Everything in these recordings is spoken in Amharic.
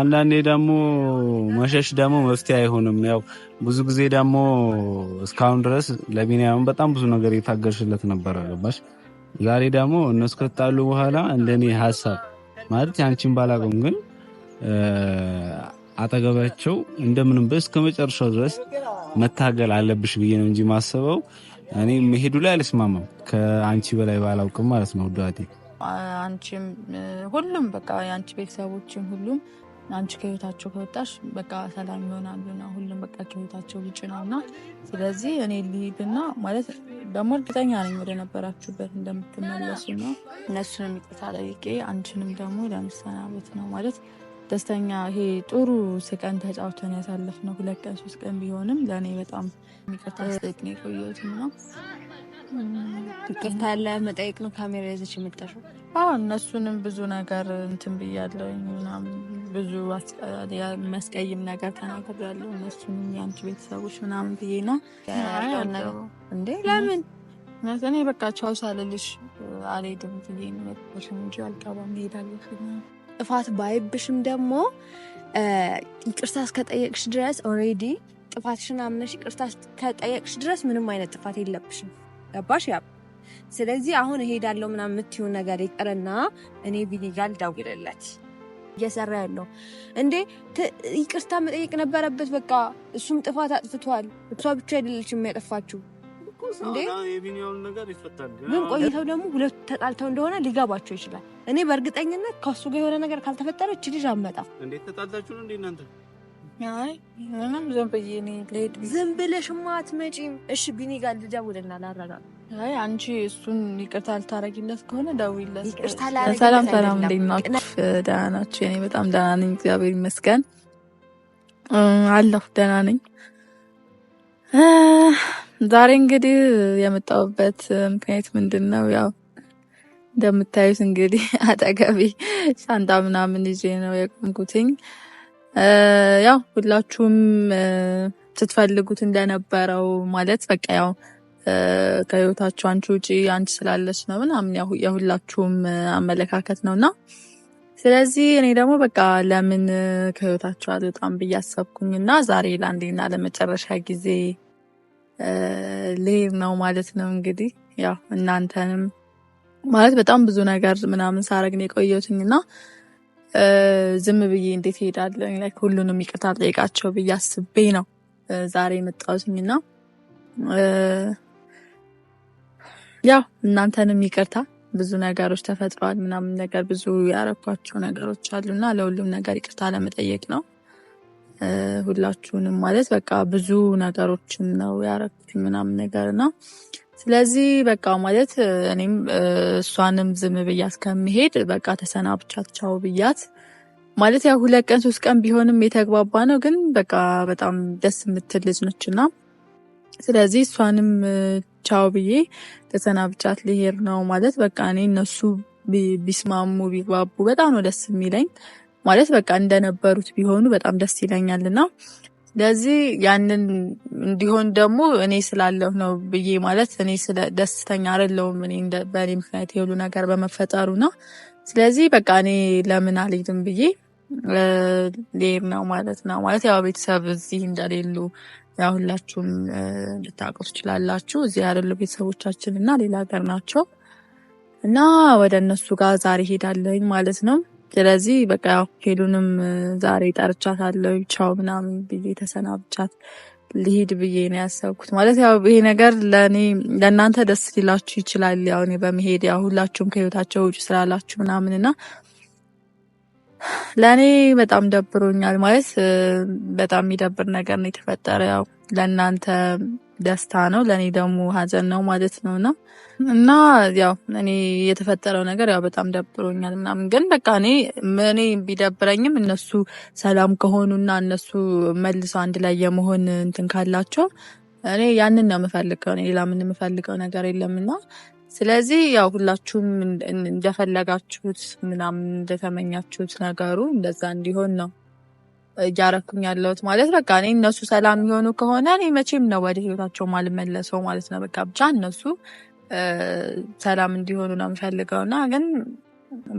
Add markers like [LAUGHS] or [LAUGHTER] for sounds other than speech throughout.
አንዳንዴ ደግሞ መሸሽ ደግሞ መፍትሄ አይሆንም። ያው ብዙ ጊዜ ደግሞ እስካሁን ድረስ ለቢንያም በጣም ብዙ ነገር የታገርሽለት ነበር አለባሽ። ዛሬ ደግሞ እነሱ ከጣሉ በኋላ እንደኔ ሀሳብ ማለት ያንቺን ባላቆም ግን አጠገባቸው እንደምንም እስከ ከመጨረሻው ድረስ መታገል አለብሽ ብዬ ነው እንጂ ማሰበው እኔ መሄዱ ላይ አልስማማም። ከአንቺ በላይ ባላውቅም ማለት ነው ዳቴ አንቺም ሁሉም በቃ የአንቺ ቤተሰቦችም ሁሉም አንቺ ከህይወታቸው ከወጣሽ በቃ ሰላም ይሆናሉ ይሆናሉና ሁሉም በቃ ከህይወታቸው ውጭ ነው ነውና፣ ስለዚህ እኔ ልሂድና ማለት ደግሞ እርግጠኛ ነኝ ወደ ነበራችሁበት እንደምትመለሱ ነው። እነሱንም ይቅርታ ጠይቄ አንቺንም ደግሞ ለመሰናበት ነው ማለት ደስተኛ ይሄ ጥሩ ስቀን ተጫውተን ያሳለፍነው ሁለት ቀን ሶስት ቀን ቢሆንም ለእኔ በጣም ይቅርታ ስጠይቅ ነው የቆየሁትም ነው ይቅርታ ያለ መጠየቅ ነው ካሜራ ይዘሽ የምጠራው እነሱንም ብዙ ነገር እንትን ብያለሁኝ ምናምን ብዙ መስቀይም ነገር ተናግሬያለሁ። እነሱም የአንቺ ቤተሰቦች ምናምን ብዬ ነው እንዴ ለምን እኔ በቃ ቻው ሳልልሽ አልሄድም ብዬ ነሽም እንጂ አልቀባም እሄዳለሁ። ጥፋት ባይብሽም ደግሞ ይቅርታ እስከጠየቅሽ ድረስ ኦልሬዲ ጥፋትሽን አምነሽ ይቅርታ ከጠየቅሽ ድረስ ምንም አይነት ጥፋት የለብሽም። ገባሽ ያ ስለዚህ አሁን እሄዳለሁ ምናምን የምትይው ነገር ይቅርና እኔ ቢኒ ጋር ልደውልለት እየሰራ ያለው እንዴ ይቅርታ መጠየቅ ነበረበት። በቃ እሱም ጥፋት አጥፍቷል። እሷ ብቻ አይደለችም የሚያጠፋችው። ግን ቆይተው ደግሞ ሁለቱ ተጣልተው እንደሆነ ሊገባቸው ይችላል። እኔ በእርግጠኝነት ከሱ ጋር የሆነ ነገር ካልተፈጠረች ልጅ አመጣ እንዴት ተጣልታችሁ ነው እንዴ እናንተ? ዝም ብለሽማ አትመጪም። እሺ ቢኒ ጋር ልደውልና ላረጋግጥ አይ አንቺ እሱን ይቅርታ ልታረጊለት ከሆነ ደውይለት። ሰላም ሰላም፣ እንዴት ናችሁ? ደህና ናችሁ? እኔ በጣም ደህና ነኝ፣ እግዚአብሔር ይመስገን አለሁ፣ ደህና ነኝ። ዛሬ እንግዲህ የመጣሁበት ምክንያት ምንድን ነው? ያው እንደምታዩት እንግዲህ [LAUGHS] አጠገቢ ሻንጣ ምናምን ይዤ ነው የቆምኩትኝ። ያው ሁላችሁም ስትፈልጉት እንደነበረው ማለት በቃ ያው ከህይወታችሁ አንቺ ውጪ አንቺ ስላለች ነው ምናምን የሁላችሁም አመለካከት ነው እና ስለዚህ እኔ ደግሞ በቃ ለምን ከህይወታቸው አልወጣም ብዬ አሰብኩኝ እና ዛሬ ለአንዴና ለመጨረሻ ጊዜ ልሄድ ነው ማለት ነው። እንግዲህ ያው እናንተንም ማለት በጣም ብዙ ነገር ምናምን ሳረግ ነው የቆየሁትኝ እና ዝም ብዬ እንዴት እሄዳለሁ ሁሉንም ይቅርታ ጠይቃቸው ብዬ አስቤ ነው ዛሬ የመጣሁትኝ እና ያው እናንተንም ይቅርታ ብዙ ነገሮች ተፈጥረዋል፣ ምናምን ነገር ብዙ ያረኳቸው ነገሮች አሉና ለሁሉም ነገር ይቅርታ ለመጠየቅ ነው። ሁላችሁንም ማለት በቃ ብዙ ነገሮችን ነው ያረኩት ምናምን ነገር ነው። ስለዚህ በቃ ማለት እኔም እሷንም ዝም ብያት ከሚሄድ በቃ ተሰናብቻቸው ብያት ማለት ያው ሁለት ቀን ሶስት ቀን ቢሆንም የተግባባ ነው። ግን በቃ በጣም ደስ የምትል ልጅ ነች እና ስለዚህ እሷንም ቻው ብዬ ተሰናብቻት ልሄድ ነው ማለት በቃ እኔ እነሱ ቢስማሙ ቢግባቡ በጣም ነው ደስ የሚለኝ። ማለት በቃ እንደነበሩት ቢሆኑ በጣም ደስ ይለኛል እና ስለዚህ ያንን እንዲሆን ደግሞ እኔ ስላለሁ ነው ብዬ ማለት እኔ ደስተኛ አይደለሁም እኔ በእኔ ምክንያት የሁሉ ነገር በመፈጠሩ ነው። ስለዚህ በቃ እኔ ለምን አልሄድም ብዬ ሌር ነው ማለት ነው። ማለት ያው ቤተሰብ እዚህ እንደሌሉ ያው ሁላችሁም ልታውቁ ትችላላችሁ። እዚህ ያደሉ ቤተሰቦቻችን እና ሌላ ሀገር ናቸው እና ወደ እነሱ ጋር ዛሬ ሄዳለኝ ማለት ነው። ስለዚህ በቃ ሄሉንም ዛሬ ጠርቻታለሁ። ቻው ምናምን ብዬ ተሰናብቻት ሊሄድ ብዬ ነው ያሰብኩት። ማለት ያው ይሄ ነገር ለእኔ ለእናንተ ደስ ሊላችሁ ይችላል። ያው እኔ በመሄድ ያው ሁላችሁም ከህይወታቸው ውጭ ስላላችሁ ምናምን እና ለእኔ በጣም ደብሮኛል ማለት በጣም የሚደብር ነገር ነው የተፈጠረ። ያው ለእናንተ ደስታ ነው፣ ለእኔ ደግሞ ሀዘን ነው ማለት ነው እና እና ያው እኔ የተፈጠረው ነገር ያው በጣም ደብሮኛል ምናምን፣ ግን በቃ እኔ እኔ ቢደብረኝም እነሱ ሰላም ከሆኑና እነሱ መልሶ አንድ ላይ የመሆን እንትን ካላቸው እኔ ያንን ነው የምፈልገው። እኔ ሌላ ምን የምፈልገው ነገር የለምና ስለዚህ ያው ሁላችሁም እንደፈለጋችሁት ምናምን እንደተመኛችሁት ነገሩ እንደዛ እንዲሆን ነው እያረኩኝ ያለሁት ማለት በቃ እኔ እነሱ ሰላም የሆኑ ከሆነ እኔ መቼም ነው ወደ ህይወታቸው ማልመለሰው ማለት ነው። በቃ ብቻ እነሱ ሰላም እንዲሆኑ ነው የምፈልገው እና ግን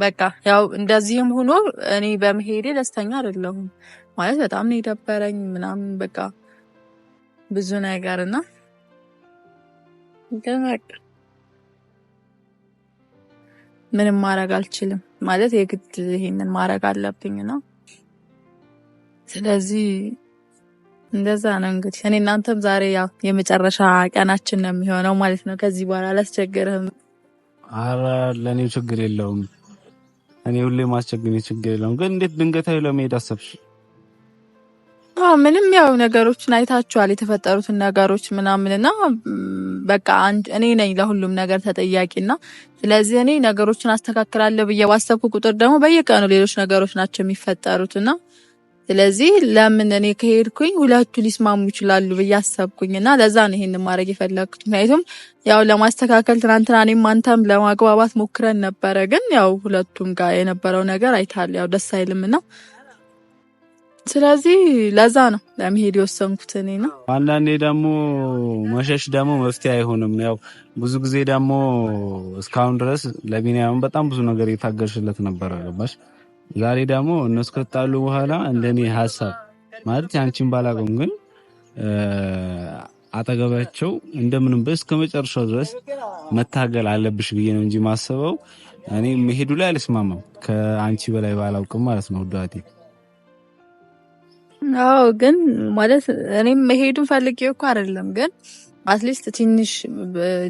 በቃ ያው እንደዚህም ሆኖ እኔ በመሄዴ ደስተኛ አይደለሁም ማለት በጣም ነው የደበረኝ ምናምን በቃ ብዙ ነገር እና ግን በቃ ምንም ማድረግ አልችልም ማለት የግድ ይሄንን ማድረግ አለብኝ ነው። ስለዚህ እንደዛ ነው እንግዲህ እኔ እናንተም ዛሬ ያው የመጨረሻ ቀናችን ነው የሚሆነው ማለት ነው። ከዚህ በኋላ አላስቸግርህም። አረ ለእኔ ችግር የለውም። እኔ ሁሌ ማስቸግኔ ችግር የለውም። ግን እንዴት ድንገታዊ ለመሄድ አሰብሽ? ምንም ያው ነገሮችን አይታችኋል፣ የተፈጠሩትን ነገሮች ምናምንና በቃ እኔ ነኝ ለሁሉም ነገር ተጠያቂና ስለዚህ እኔ ነገሮችን አስተካክላለሁ ብዬ ባሰብኩ ቁጥር ደግሞ በየቀኑ ሌሎች ነገሮች ናቸው የሚፈጠሩትና ስለዚህ ለምን እኔ ከሄድኩኝ ሁለቱ ሊስማሙ ይችላሉ ብዬ አሰብኩኝ እና ለዛ ነው ይሄን ማድረግ የፈለግኩት። ምክንያቱም ያው ለማስተካከል ትናንትና እኔም አንተም ለማግባባት ሞክረን ነበረ፣ ግን ያው ሁለቱም ጋር የነበረው ነገር አይታል፣ ያው ደስ አይልም እና ስለዚህ ለዛ ነው ለመሄድ የወሰንኩት እኔ ነው። አንዳንዴ ደግሞ መሸሽ ደግሞ መፍትሄ አይሆንም። ያው ብዙ ጊዜ ደግሞ እስካሁን ድረስ ለቢኒያም በጣም ብዙ ነገር የታገልሽለት ነበረ። ገባሽ? ዛሬ ደግሞ እነሱ ከጣሉ በኋላ እንደኔ ሀሳብ ማለት ያንቺን ባላቀም ግን አጠገባቸው እንደምንም እስከ መጨረሻው ድረስ መታገል አለብሽ ብዬ ነው እንጂ ማስበው እኔ መሄዱ ላይ አልስማማም። ከአንቺ በላይ ባላውቅም ማለት ነው ዳቴ አዎ ግን ማለት እኔም መሄዱን ፈልጌ እኮ አይደለም፣ ግን አትሊስት ትንሽ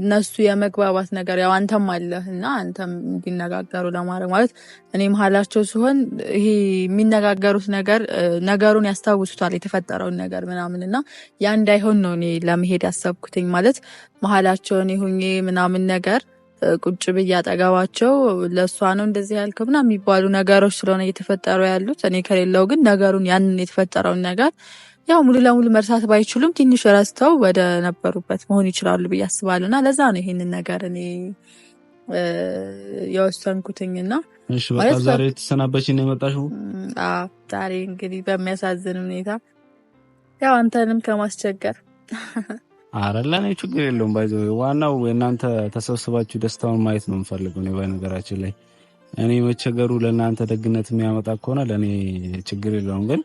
እነሱ የመግባባት ነገር ያው አንተም አለህ እና አንተም እንዲነጋገሩ ለማድረግ ማለት እኔ መሀላቸው ሲሆን ይሄ የሚነጋገሩት ነገር ነገሩን ያስታውሱታል የተፈጠረውን ነገር ምናምን እና ያ እንዳይሆን ነው እኔ ለመሄድ ያሰብኩትኝ ማለት መሀላቸውን ይሁኜ ምናምን ነገር ቁጭ ብዬ አጠገባቸው ለእሷ ነው እንደዚህ ያልከው ምናምን የሚባሉ ነገሮች ስለሆነ እየተፈጠሩ ያሉት። እኔ ከሌለው ግን ነገሩን ያንን የተፈጠረውን ነገር ያው ሙሉ ለሙሉ መርሳት ባይችሉም ትንሽ ረስተው ወደ ነበሩበት መሆን ይችላሉ ብዬ አስባለሁ። እና ለዛ ነው ይሄንን ነገር እኔ የወሰንኩትኝና በቃ ዛሬ የመጣሽው። ዛሬ እንግዲህ በሚያሳዝን ሁኔታ ያው አንተንም ከማስቸገር አረ ለእኔ ችግር የለውም። ባይዘ ዋናው እናንተ ተሰብስባችሁ ደስታውን ማየት ነው የምፈልገው። እኔ ነገራችን ላይ እኔ መቸገሩ ለእናንተ ደግነት የሚያመጣ ከሆነ ለእኔ ችግር የለውም። ግን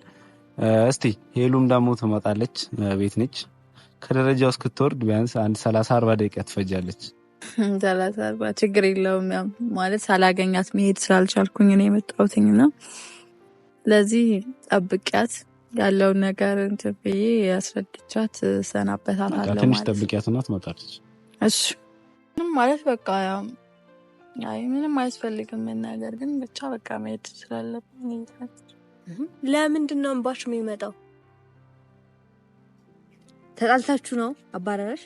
እስቲ ሄሉም ደግሞ ትመጣለች፣ ቤት ነች። ከደረጃው እስክትወርድ ቢያንስ አንድ ሰላሳ አርባ ደቂቃ ትፈጃለች። [LAUGHS] ሰላሳ አርባ ችግር የለውም። ያው ማለት ሳላገኛት መሄድ ስላልቻልኩኝ ነው የመጣሁትኝ ነው። ለዚህ ጠብቂያት ያለውን ነገር እንትን ብዬ ያስረድቻት ሰናበታታለሁ። ትንሽ ጠብቂያትና ትመጣለች። እሺ ምንም ማለት በቃ ያው ምንም አያስፈልግም መናገር ግን ብቻ በቃ መሄድ ትችላለብን። ለምንድን ነው እንባሽ የሚመጣው? ተጣልታችሁ ነው አባረረሽ?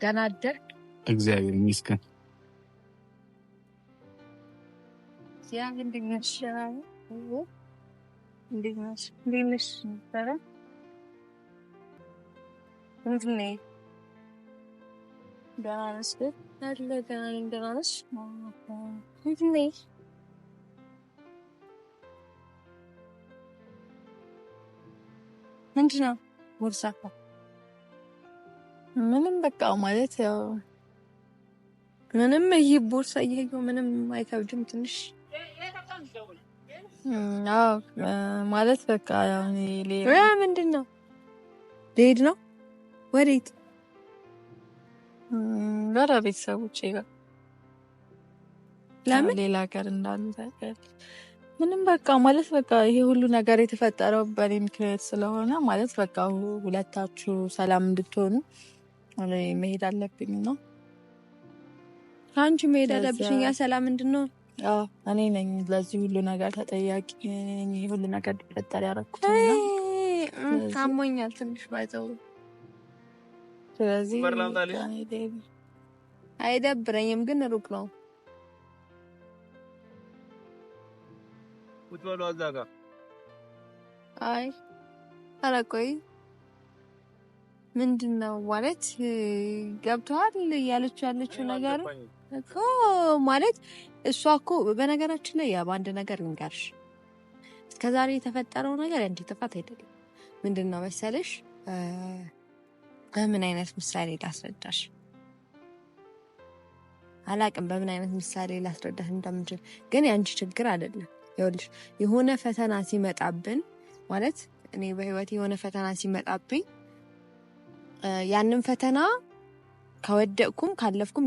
ደህና አደርክ? እግዚአብሔር ይመስገን። ምንድን ነው ቦርሳ ምንም በቃ ማለት ያው ምንም ይህ ቦርሳ እየሄደው ምንም አይከብድም። ትንሽ አዎ ማለት በቃ ያው ሌላ ምንድን ነው ልሄድ ነው። ወዴት? ጋራ ቤተሰቦቼ ጋር። ለምን ሌላ ሀገር እንዳሉ ምንም በቃ ማለት በቃ ይሄ ሁሉ ነገር የተፈጠረው በእኔ ምክንያት ስለሆነ ማለት በቃ ሁለታችሁ ሰላም እንድትሆኑ እኔ መሄድ አለብኝ ነው። አንቺ መሄድ አለብሽ። እኛ ሰላም ምንድን ነው? እኔ ነኝ ለዚህ ሁሉ ነገር ተጠያቂ። ሁሉ ነገር እንዲፈጠር ያደረኩት ታሞኛል ትንሽ ባይተው። ስለዚህ አይደብረኝም፣ ግን ሩቅ ነው። አይ ኧረ ቆይ ምንድን ነው ማለት ገብተዋል እያለችው ያለችው ነገር እኮ ማለት እሷ እኮ በነገራችን ላይ በአንድ ነገር ልንገርሽ፣ እስከዛሬ የተፈጠረው ነገር ያንቺ ጥፋት አይደለም። ምንድን ነው መሰለሽ፣ በምን አይነት ምሳሌ ላስረዳሽ አላቅም፣ በምን አይነት ምሳሌ ላስረዳሽ እንደምችል ግን ያንቺ ችግር አይደለም። ይኸውልሽ የሆነ ፈተና ሲመጣብን ማለት እኔ በህይወት የሆነ ፈተና ሲመጣብኝ ያንን ፈተና ከወደቅኩም ካለፍኩም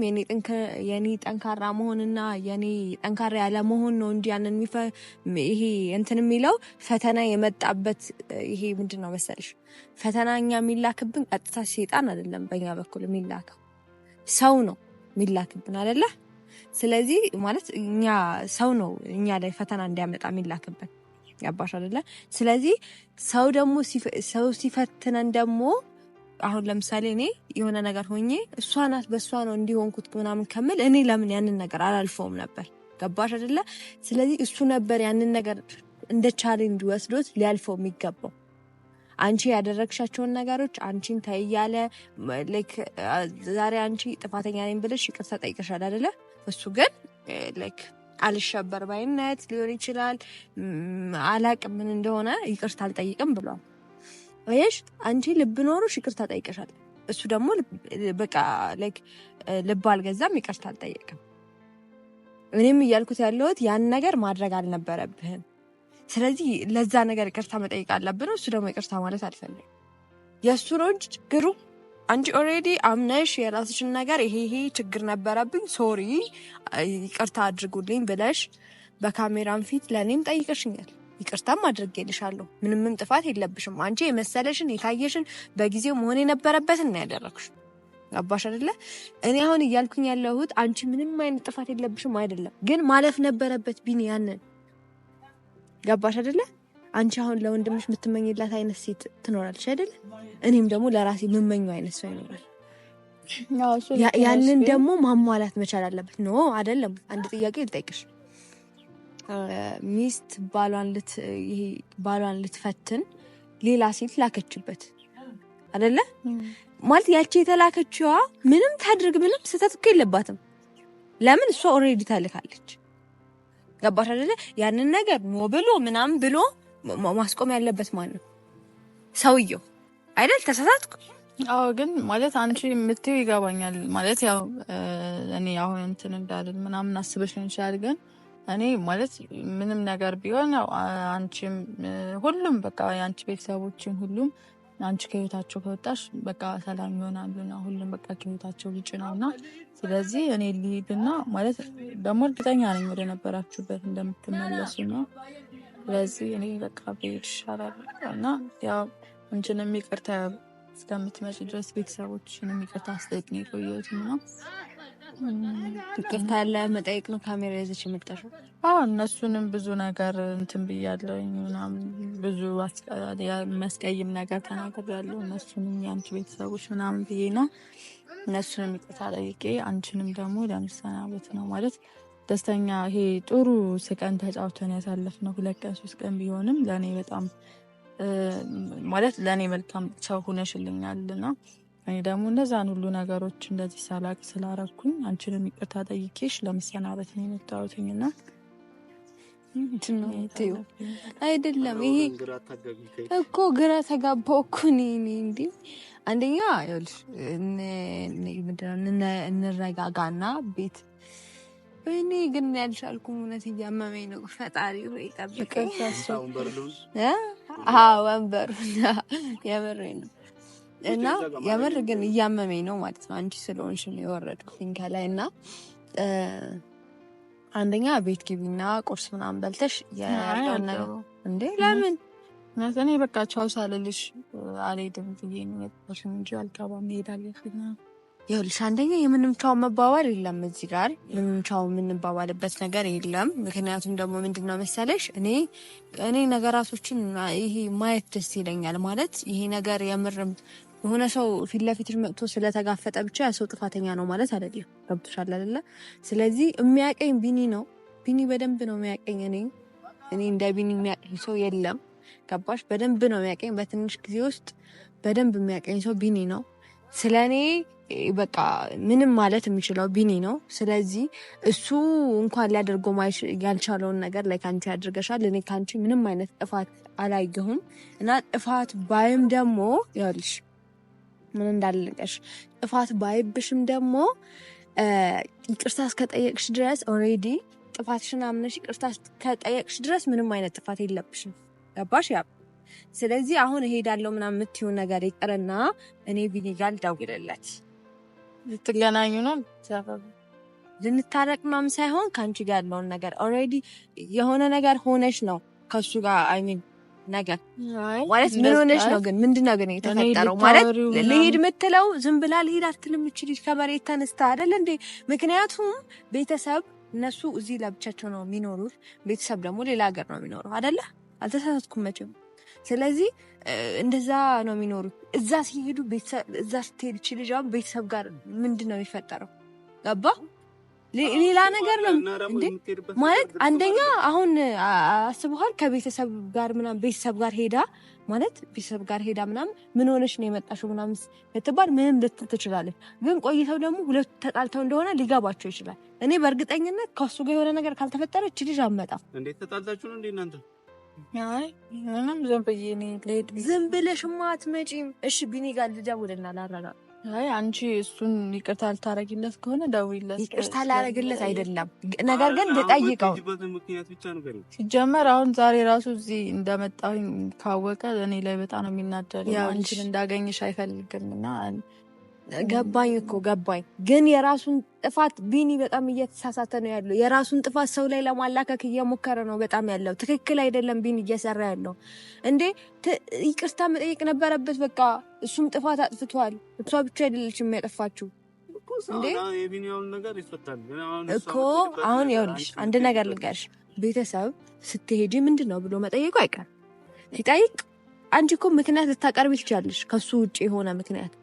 የኔ ጠንካራ መሆንና የኔ ጠንካራ ያለመሆን ነው እንጂ ያንን ይሄ እንትን የሚለው ፈተና የመጣበት ይሄ ምንድን ነው መሰልሽ? ፈተና እኛ የሚላክብን ቀጥታ ሴጣን አይደለም፣ በእኛ በኩል የሚላከው ሰው ነው የሚላክብን አይደለ? ስለዚህ ማለት እኛ ሰው ነው እኛ ላይ ፈተና እንዲያመጣ የሚላክብን ያባሽ አይደለ? ስለዚህ ሰው ደግሞ ሰው ሲፈትነን ደግሞ አሁን ለምሳሌ እኔ የሆነ ነገር ሆኜ እሷ ናት በእሷ ነው እንዲሆንኩት ምናምን ከምል እኔ ለምን ያንን ነገር አላልፈውም ነበር? ገባሽ አይደለ? ስለዚህ እሱ ነበር ያንን ነገር እንደ ቻሌንጅ ወስዶት ሊያልፈው የሚገባው። አንቺ ያደረግሻቸውን ነገሮች አንቺን ተያለ እያለ ዛሬ አንቺ ጥፋተኛ ነኝ ብለሽ ይቅርታ ጠይቀሻል አይደለ? እሱ ግን አልሸበር ባይነት ሊሆን ይችላል አላቅ ምን እንደሆነ ይቅርታ አልጠይቅም ብሏል። ወይሽ አንቺ ልብ ኖሮሽ ይቅርታ ጠይቀሻል። እሱ ደግሞ በቃ ላይክ ልብ አልገዛም፣ ይቅርታ አልጠየቅም። እኔም እያልኩት ያለሁት ያን ነገር ማድረግ አልነበረብህም። ስለዚህ ለዛ ነገር ይቅርታ መጠየቅ አለብን። እሱ ደግሞ ይቅርታ ማለት አልፈልግም። የእሱ ነው እንጂ ችግሩ አንቺ ኦልሬዲ አምነሽ የራስሽን ነገር ይሄ ይሄ ችግር ነበረብኝ፣ ሶሪ ይቅርታ አድርጉልኝ ብለሽ በካሜራም ፊት ለእኔም ጠይቀሽኛል። ይቅርታም አድርጌልሻለሁ። ምንምም ጥፋት የለብሽም። አንቺ የመሰለሽን የታየሽን በጊዜው መሆን የነበረበትን ነው ያደረግሽ። አባሽ አይደለ? እኔ አሁን እያልኩኝ ያለሁት አንቺ ምንም አይነት ጥፋት የለብሽም አይደለም፣ ግን ማለፍ ነበረበት ቢኒ። ያንን ገባሽ አይደለ? አንቺ አሁን ለወንድምሽ የምትመኝላት አይነት ሴት ትኖራለች አይደለ? እኔም ደግሞ ለራሴ የምመኘው አይነት ሰው ይኖራል። ያንን ደግሞ ማሟላት መቻል አለበት። ኖ አይደለም። አንድ ጥያቄ ልጠይቅሽ ሚስት ባሏን ልትፈትን ሌላ ሴት ላከችበት አደለ ማለት ያቺ የተላከችዋ ምንም ታድርግ ምንም ስህተት እኮ የለባትም። ለምን እሷ ኦልሬዲ ታልካለች። ገባሽ አደለ? ያንን ነገር ኖ ብሎ ምናምን ብሎ ማስቆም ያለበት ማን ነው? ሰውየው አይደል? ተሳሳትኩ። አዎ፣ ግን ማለት አንቺ የምትይው ይገባኛል። ማለት ያው እኔ አሁን እንትን እንዳልል ምናምን አስበሽ ሊሆን ይችላል ግን እኔ ማለት ምንም ነገር ቢሆን አንቺም ሁሉም በቃ የአንቺ ቤተሰቦችን ሁሉም አንቺ ከህይወታቸው ከወጣሽ በቃ ሰላም ይሆናሉ ይሆናሉና ሁሉም በቃ ከህይወታቸው ልጭ ነው እና ስለዚህ እኔ ልሂድና ማለት ደግሞ እርግጠኛ ነኝ ወደ ነበራችሁበት እንደምትመለሱ ነው። ስለዚህ እኔ በቃ ብሄድ ይሻላል እና ያው አንቺንም ይቅርታ እስከምትመጪ ድረስ ቤተሰቦችንም ይቅርታ አስጠይቅ ነው የቆየሁት ነው ይቅርታ ለመጠየቅ ነው ካሜራ ይዘሽ የመጣሽው? አዎ እነሱንም ብዙ ነገር እንትን ብያለሁኝ ምናምን ብዙ መስቀይም ነገር ተናግሬያለሁ። እነሱንም የአንቺ ቤተሰቦች ምናምን ብዬ ነው እነሱንም ይቅርታ ጠይቄ አንቺንም ደግሞ ለምሰናበት ነው ማለት ደስተኛ ይሄ ጥሩ ስቀን ተጫውተን ያሳለፍነው ሁለት ቀን ሶስት ቀን ቢሆንም ለእኔ በጣም ማለት ለእኔ መልካም ሰው ሁነሽልኛል ሁነሽልኛልና እኔ ደግሞ እነዛን ሁሉ ነገሮች እንደዚህ ሳላቅ ስላረኩኝ አንቺንም ይቅርታ ጠይቄሽ ለመሰናበት ነው የመጣሁትኝ እና አይደለም ይሄ እኮ ግራ ተጋባሁ እኮ እኔ እኔ እንደ አንደኛ ይኸውልሽ እንረጋጋና ቤት ወይኔ ግን ያልሽ አልኩም እውነት እያመመኝ ነው። ፈጣሪ ሆይ ይጠብቀኝ። ወንበሩ የምሬ ነው እና የምር ግን እያመመኝ ነው ማለት ነው። አንቺ ስለሆንሽ ነው የወረድኩኝ ከላይ እና አንደኛ ቤት ግቢና ቁርስ ምናምን በልተሽ ያለውን እንዴ ለምን እኔ በቃ ቻው ሳልልሽ አልሄድም ብዬ ነው ነበር እንጂ አልገባም። እሄዳለሽ ይኸውልሽ፣ አንደኛ የምንም ቻው መባባል የለም እዚህ ጋር ምንም ቻው የምንባባልበት ነገር የለም። ምክንያቱም ደግሞ ምንድን ነው መሰለሽ እኔ እኔ ነገራቶችን ይሄ ማየት ደስ ይለኛል ማለት ይሄ ነገር የምርም የሆነ ሰው ፊት ለፊት መጥቶ ስለተጋፈጠ ብቻ ያ ሰው ጥፋተኛ ነው ማለት አይደለም። ገብቶሻል አይደለ? ስለዚህ የሚያቀኝ ቢኒ ነው። ቢኒ በደንብ ነው የሚያቀኝ። እኔ እኔ እንደ ቢኒ የሚያቀኝ ሰው የለም። ገባሽ? በደንብ ነው የሚያቀኝ። በትንሽ ጊዜ ውስጥ በደንብ የሚያቀኝ ሰው ቢኒ ነው። ስለ እኔ በቃ ምንም ማለት የሚችለው ቢኒ ነው። ስለዚህ እሱ እንኳን ሊያደርጎ ያልቻለውን ነገር ላይ ከአንቺ ያድርገሻል። እኔ ከአንቺ ምንም አይነት ጥፋት አላየሁም እና ጥፋት ባይም ደግሞ ያልሽ ምን እንዳለቀሽ ጥፋት ባይብሽም ደግሞ ይቅርታ እስከጠየቅሽ ድረስ ኦልሬዲ ጥፋትሽን አምነሽ ይቅርታ ከጠየቅሽ ድረስ ምንም አይነት ጥፋት የለብሽም። ገባሽ ያ ስለዚህ አሁን እሄዳለሁ ምናምን የምትይው ነገር ይቅርና እኔ ቢኒጋል ጋር ልደውልለት ልትገናኙ ነው ልንታረቅ ምናምን ሳይሆን ከአንቺ ጋር ያለውን ነገር ኦልሬዲ የሆነ ነገር ሆነሽ ነው ከሱ ጋር አይሚን ነገር ማለት ምን ሆነሽ ነው ግን ነው ግን የተፈጠረው? ማለት ልሄድ የምትለው ዝም ብላ ልሄድ አትልም። እችልጅ ከመሬት ተነስታ አይደል እንዴ? ምክንያቱም ቤተሰብ እነሱ እዚህ ለብቻቸው ነው የሚኖሩት፣ ቤተሰብ ደግሞ ሌላ ሀገር ነው የሚኖረው አይደለ? አልተሳሳትኩም መቼም። ስለዚህ እንደዛ ነው የሚኖሩት። እዛ ሲሄዱ እዛ ስትሄድ እችልጅ ቤተሰብ ጋር ምንድን ነው የሚፈጠረው? ገባ ሌላ ነገር ነው እንዴ? ማለት አንደኛ፣ አሁን አስበኋል ከቤተሰብ ጋር ምናምን ቤተሰብ ጋር ሄዳ ማለት ቤተሰብ ጋር ሄዳ ምናምን ምን ሆነሽ ነው የመጣሽው ምናምን ልትባል ምንም ልትል ትችላለች። ግን ቆይተው ደግሞ ሁለቱ ተጣልተው እንደሆነ ሊገባቸው ይችላል። እኔ በእርግጠኝነት ከሱ ጋር የሆነ ነገር ካልተፈጠረ እች ልጅ አመጣ እንዴት ተጣልታችሁ ነው? እንዴት እናንተ ዝም ብለሽማ አትመጪም። እሺ ቢኒ ጋር ልደውልና ላረጋግጥ አይ አንቺ እሱን ይቅርታ ልታረግለት ከሆነ ደውይለት። ይቅርታ ላረግለት አይደለም ነገር ግን ልጠይቀው ሲጀመር አሁን ዛሬ ራሱ እዚህ እንደመጣሁኝ ካወቀ እኔ ላይ በጣም ነው የሚናደር። አንቺን እንዳገኝሽ አይፈልግም እና ገባኝ እኮ ገባኝ። ግን የራሱን ጥፋት ቢኒ በጣም እየተሳሳተ ነው ያለው። የራሱን ጥፋት ሰው ላይ ለማላከክ እየሞከረ ነው በጣም ያለው። ትክክል አይደለም ቢኒ እየሰራ ያለው። እንዴ ይቅርታ መጠየቅ ነበረበት። በቃ እሱም ጥፋት አጥፍቷል። እሷ ብቻ አይደለች የሚያጠፋችው እኮ። አሁን ይኸውልሽ አንድ ነገር ልንገርሽ፣ ቤተሰብ ስትሄጂ ምንድን ነው ብሎ መጠየቁ አይቀር። ሲጠይቅ አንቺ እኮ ምክንያት ልታቀርቢ ትችያለሽ፣ ከሱ ውጭ የሆነ ምክንያት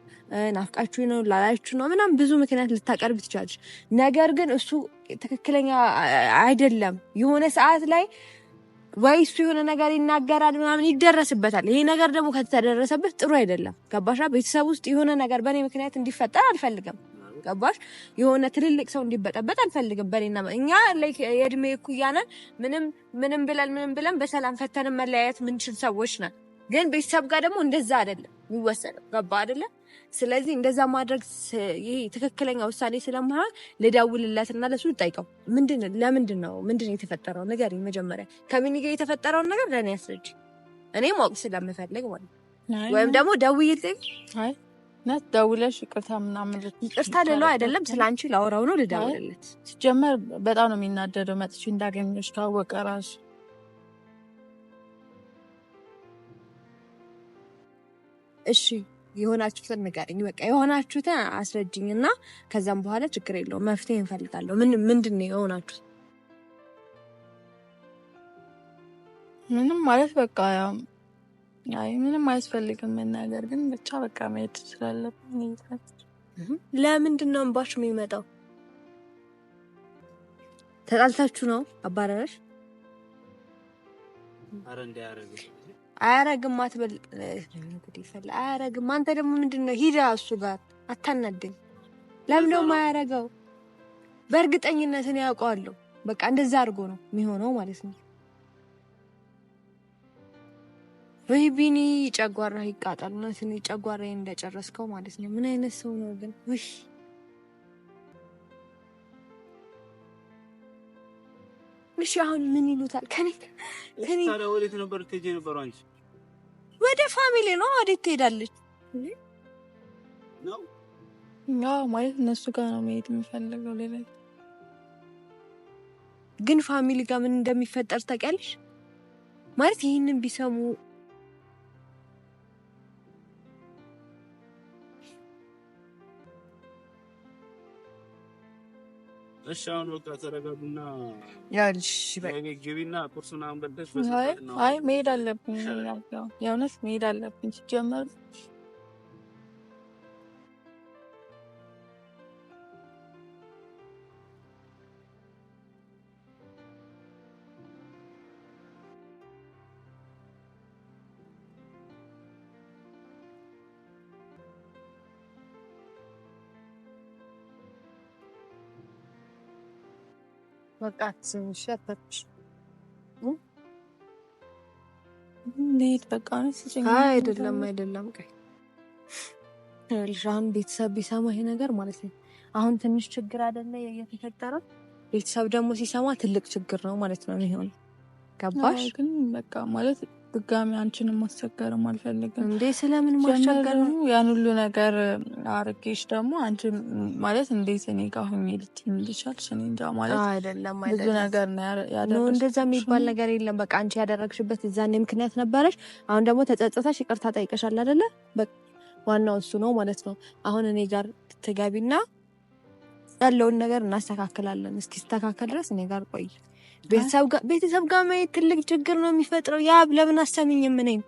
ናፍቃችሁ ነው ላላችሁ ነው ምናምን ብዙ ምክንያት ልታቀርብ ትችላለች። ነገር ግን እሱ ትክክለኛ አይደለም። የሆነ ሰዓት ላይ ወይ እሱ የሆነ ነገር ይናገራል ምናምን ይደረስበታል። ይሄ ነገር ደግሞ ከተደረሰበት ጥሩ አይደለም። ገባሽ? ቤተሰብ ውስጥ የሆነ ነገር በእኔ ምክንያት እንዲፈጠር አልፈልግም። ገባሽ? የሆነ ትልልቅ ሰው እንዲበጠበጥ አልፈልግም። በእኔና እኛ የእድሜ እኩያ ነን። ምንም ምንም ብለን ምንም ብለን በሰላም ፈተንን መለያየት ምንችል ሰዎች ነን። ግን ቤተሰብ ጋር ደግሞ እንደዛ አይደለም ይወሰነው። ገባ አይደለም ስለዚህ እንደዛ ማድረግ ይሄ ትክክለኛ ውሳኔ ስለማይሆን ልደውልለትና ለሱ ልጠይቀው። ምንድን ለምንድን ነው ምንድን የተፈጠረው ነገር መጀመሪያ ከሚኒ ጋር የተፈጠረውን ነገር ለእኔ ያስረጅ። እኔ ማወቅ ስለምፈልግ ማለት ወይም ደግሞ ደውዬ ልጠይቅ ነት ደውለሽ ይቅርታ ምናምን ይቅርታ ልለው አይደለም ስለ አንቺ ላወራው ነው ልደውልለት። ሲጀመር በጣም ነው የሚናደደው መጥቼ እንዳገኘሽ ካወቀ ራሱ እሺ የሆናችሁትን ንገረኝ፣ በቃ የሆናችሁትን አስረጅኝ እና ከዛም በኋላ ችግር የለውም መፍትሄ እንፈልጋለሁ። ምን ምንድን ነው የሆናችሁት? ምንም ማለት በቃ አይ ምንም አያስፈልግም መናገር፣ ግን ብቻ በቃ መሄድ ስላለብን። ለምንድን ነው እንባችሁ የሚመጣው? ተጣልታችሁ ነው? አባረረሽ? አረ እንዳያረግሽ አያረግም አትበል። አያረግም። አንተ ደግሞ ምንድን ነው? እሱ ጋር አታናደኝ። ለምነው ማያረገው በእርግጠኝነት እኔ ያውቀዋለሁ። በቃ እንደዛ አድርጎ ነው የሚሆነው ማለት ነው። ወይ ቢኒ ጨጓራ ይቃጠል ነው። ጨጓራዬን እንደጨረስከው ማለት ነው። ምን አይነት ሰው ነው ግን? እሺ አሁን ምን ይሉታል? ከኔ ከኔ ታዲያ ወዴት ነበር ትሄጂ የነበረው አንቺ? ወደ ፋሚሊ ነው። ወዴት ትሄዳለች ነው? አዎ ማለት እነሱ ጋር ነው መሄድ የምፈልገው። ሌላ ግን ፋሚሊ ጋር ምን እንደሚፈጠር ታውቂያለሽ? ማለት ይህንን ቢሰሙ እሺ አሁን በቃ ተረጋጉና፣ ያልሽ በእኔ ግቢና ቁርሱን አንበልተሽ መሄድ አለብኝ። የእውነት መሄድ አለብኝ ሲጀመር በቃ ትንሽ ያታች እንዴት በቃ አይደለም አይደለም ቀይ አሁን ቤተሰብ ቢሰማ ይሄ ነገር ማለት ነው። አሁን ትንሽ ችግር አይደለ የተፈጠረው፣ ቤተሰብ ደግሞ ሲሰማ ትልቅ ችግር ነው ማለት ነው። ይሆን ገባሽ? ግን በቃ ማለት ድጋሚ አንቺንም ማስቸገርም አልፈልግም። እንዴ ስለምን ማስቸገር ነው? ያን ሁሉ ነገር አርጌሽ ደግሞ አንቺ ማለት እንዴት እኔ ጋር ሁኝ ልትይኝ ልቻልሽ? እኔ እንጃ ማለት አይደለም ብዙ ነገር ነው። እንደዛ የሚባል ነገር የለም። በቃ አንቺ ያደረግሽበት እዛኔ ምክንያት ነበረሽ። አሁን ደግሞ ተጸጽተሽ ይቅርታ ጠይቀሻል አይደለ? ዋናው እሱ ነው ማለት ነው። አሁን እኔ ጋር ትገቢና ያለውን ነገር እናስተካክላለን። እስኪ ስተካከል ድረስ እኔ ጋር ቆይ ቤተሰብ ጋር መሄድ ትልቅ ችግር ነው የሚፈጥረው። ያ ለምን አሰሚኝ እኔም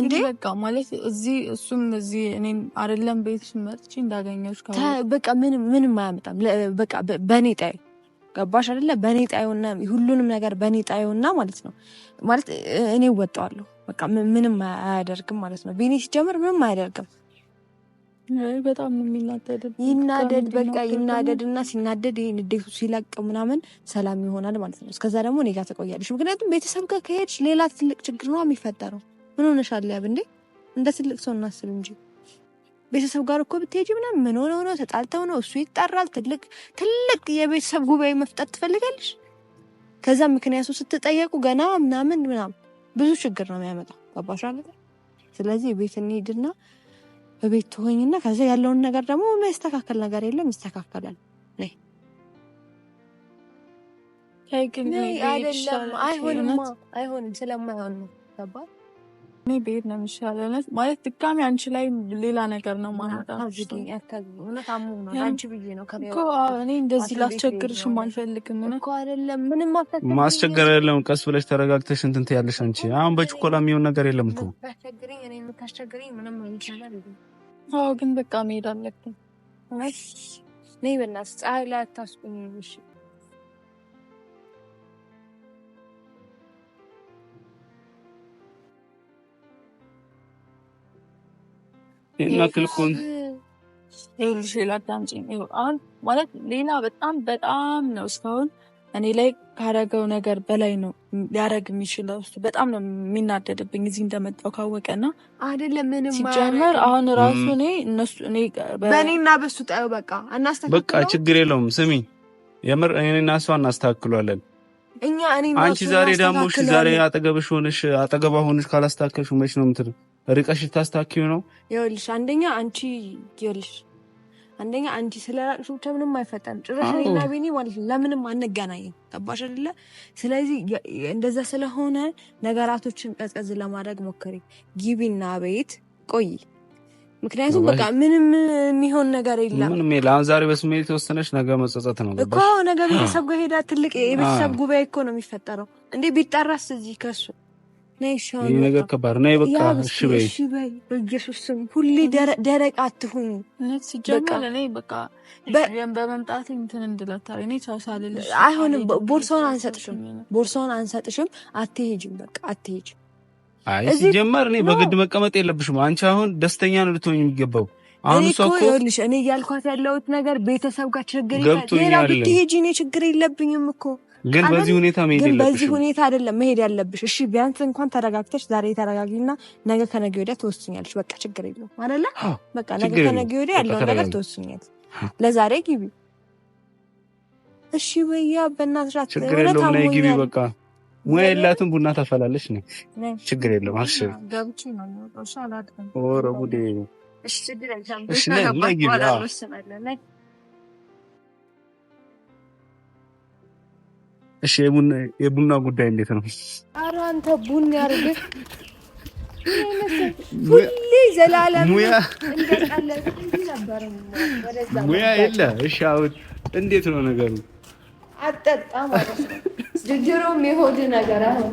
እንዴ በቃ ማለት እዚህ እሱም እዚህ እኔም አይደለም ቤትሽ መጥቼ እንዳገኘሽ በቃ ምንም ምንም አያመጣም። በቃ በእኔ ጣዩ ገባሽ አይደለ? በእኔ ጣዩና ሁሉንም ነገር በእኔ ጣዩና ማለት ነው ማለት እኔ እወጣዋለሁ። በቃ ምንም አያደርግም ማለት ነው። ቢኒ ሲጀምር ምንም አያደርግም። በጣም የሚናደድ ይናደድ በቃ ይናደድ እና ሲናደድ ይህ ንዴቱ ሲለቅ ምናምን ሰላም ይሆናል ማለት ነው። እስከዛ ደግሞ እኔ ጋር ተቆያለሽ። ምክንያቱም ቤተሰብ ጋር ከሄድሽ ሌላ ትልቅ ችግር ነው የሚፈጠረው። ምን ሆነሻል ያብ እንዴ? እንደ ትልቅ ሰው እናስብ እንጂ ቤተሰብ ጋር እኮ ብትሄጂ ምናምን ምን ሆነው ነው ተጣልተው ነው እሱ ይጠራል። ትልቅ ትልቅ የቤተሰብ ጉባኤ መፍጠር ትፈልጋለሽ። ከዛ ምክንያቱ ስትጠየቁ ገና ምናምን ምናምን ብዙ ችግር ነው የሚያመጣው። ገባሽ? ስለዚህ ቤት እንሂድና በቤት ትሆኝና ከዚያ ያለውን ነገር ደግሞ የሚያስተካከል ነገር የለም ይስተካከላል። አይደለም አይሆንማ፣ አይሆንም ስለማይሆን ነው ገባህ? እኔ ብሄድ ነው የሚሻለው ማለት ድጋሚ አንቺ ላይ ሌላ ነገር ነው ማለትእኔ እንደዚህ ላስቸግርሽ አልፈልግም። ማስቸገር የለም ቀስ ብለሽ ተረጋግተሽ እንትን ትያለሽ። አንቺ አሁን በችኮላ የሚሆን ነገር የለም እኮ አዎ ግን በቃ መሄድ አለብን። እኔ በእናትሽ ፀሐይ ላይ አታስቁኝ። እሺ እናክልኩን ይኸውልሽ፣ ሌላ አዳምጪኝ። አሁን ማለት ሌላ በጣም በጣም ነው እስካሁን እኔ ላይ ካረገው ነገር በላይ ነው ሊያረግ የሚችለው። እሱ በጣም ነው የሚናደድብኝ እዚህ እንደመጣው ካወቀና አይደለም ምንም ሲጀመር አሁን ራሱ እኔ እነሱ እኔ በእኔና በሱ ጣዩ በቃ አናስተካክለው በቃ ችግር የለውም። ስሚ የምር እኔና እሷ እናስተካክሏለን። እኛ እኔ አንቺ ዛሬ ደግሞ ዛሬ አጠገብሽ ሆነሽ አጠገባ ሆነሽ ካላስተካከልሽ መች ነው ምትል ርቀሽ ልታስተካክዪው ነው? ይኸውልሽ አንደኛ አንቺ ይኸውልሽ አንደኛ አንቺ ስለ ብቻ ምንም አይፈጠርም። ጭራሽ እኔና ቤኒ ማለት ነው ለምንም አንገናኝም። ገባሽ አይደለ? ስለዚህ እንደዛ ስለሆነ ነገራቶችን ቀዝቀዝ ለማድረግ ሞክሪ። ጊቢና ቤት ቆይ። ምክንያቱም በቃ ምንም የሚሆን ነገር የለም። ለአሁን ዛሬ በስሜት የተወሰነች ነገ መጸጸት ነው እኮ ነገ ቤተሰብ ጋር ሄዳ ትልቅ የቤተሰብ ጉባኤ እኮ ነው የሚፈጠረው እንዴ ቢጠራስ እዚህ ከሱ ይህ ነገር ከባድ ነው። በቃ እሺ በይ በኢየሱስ ስም ሁሌ ደረቅ አትሁኝ። ሲጀመር እኔ በቃ በመምጣት እንትን እኔ ሰው ሳልልሽ አይሆንም። ቦርሳውን አንሰጥሽም፣ ቦርሳውን አንሰጥሽም። አትሄጅም፣ በቃ አትሄጅም። አይ ሲጀመር እኔ በግድ መቀመጥ የለብሽም አንቺ። አሁን ደስተኛ ነው ልትሆኝ የሚገባው አሁን እኔ እያልኳት ያለሁት ነገር ቤተሰብ ጋር ችግር ሌላ ብትሄጂ እኔ ችግር የለብኝም እኮ ግን በዚህ ሁኔታ መሄድ ግን በዚህ ሁኔታ አይደለም መሄድ ያለብሽ። እሺ ቢያንስ እንኳን ተረጋግተሽ ዛሬ ተረጋጊና ነገ ከነገ ወዲያ ትወስኛለሽ። በቃ ችግር የለውም አይደለ? በቃ ነገ ከነገ ወዲያ ያለውን ነገር ትወስኛለሽ። ለዛሬ ግቢ። እሺ ወያ በእናትሽ ችግር የለውም ነይ ግቢ። በቃ ሙያ የላትም ቡና ታፈላለች። ነ ችግር የለም አስብ። ኧረ ጉዴ! እሺ ችግር ግቢ እሺ የቡና ጉዳይ እንዴት ነው? ኧረ አንተ ቡና ያርግህ። ሁሌ ዘላለም ሙያ የለ። እሺ አሁን እንዴት ነው ነገሩ? አጠጣ ማለት ነው። የሆድ ነገር አሁን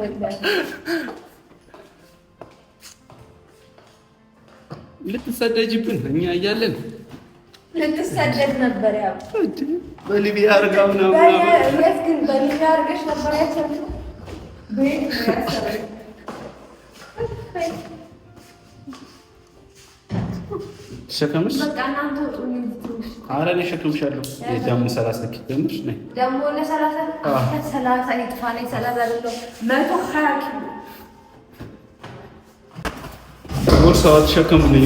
ልትሰደጅብን እኛ እያለን ልትሰደድ ነበር ያው በሊቢያ አድርጋ ምናምን የት ግን በሊቢያ አድርገሽ ነበር ያሰብሽው? ሸከምሽ ኧረ እኔ ሸከምሻለሁ። ደግሞ ሰላሳ ኪሎምሽ ደግሞ ለሰላሳ ሰላሳ ይጥፋ ነኝ ሰላሳ አይደለሁም መቶ ሀያ ኪሎ ቦርሳዋ ተሸከሙ ነኝ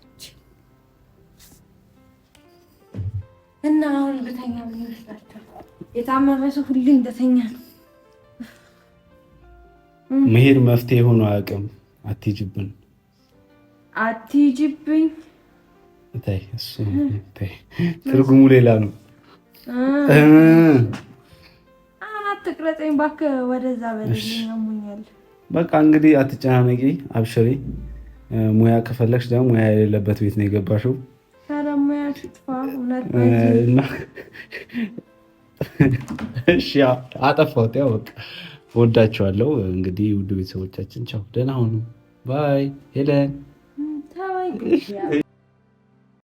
እና አሁን ብተኛ ምን ይመስላችኋል? የታመመ ሰው ሁሌ እንደተኛ መሄድ መፍትሄ ሆኖ አያውቅም። አትሂጂብን፣ አትሂጂብኝ። ተይ፣ እሱ ትርጉሙ ሌላ ነው። አሁን እባክህ፣ ወደዛ በደልኝ፣ በቃ እንግዲህ አትጨናነቂ፣ አብሽሪ። ሙያ ከፈለግሽ ደግሞ ሙያ የሌለበት ቤት ነው የገባሽው። እና አጠፋሁት። ያው በቃ ወዳችኋለሁ። እንግዲህ ውድ ቤተሰቦቻችን ቻው፣ ደህና ሁኑ። ባይ ሄለን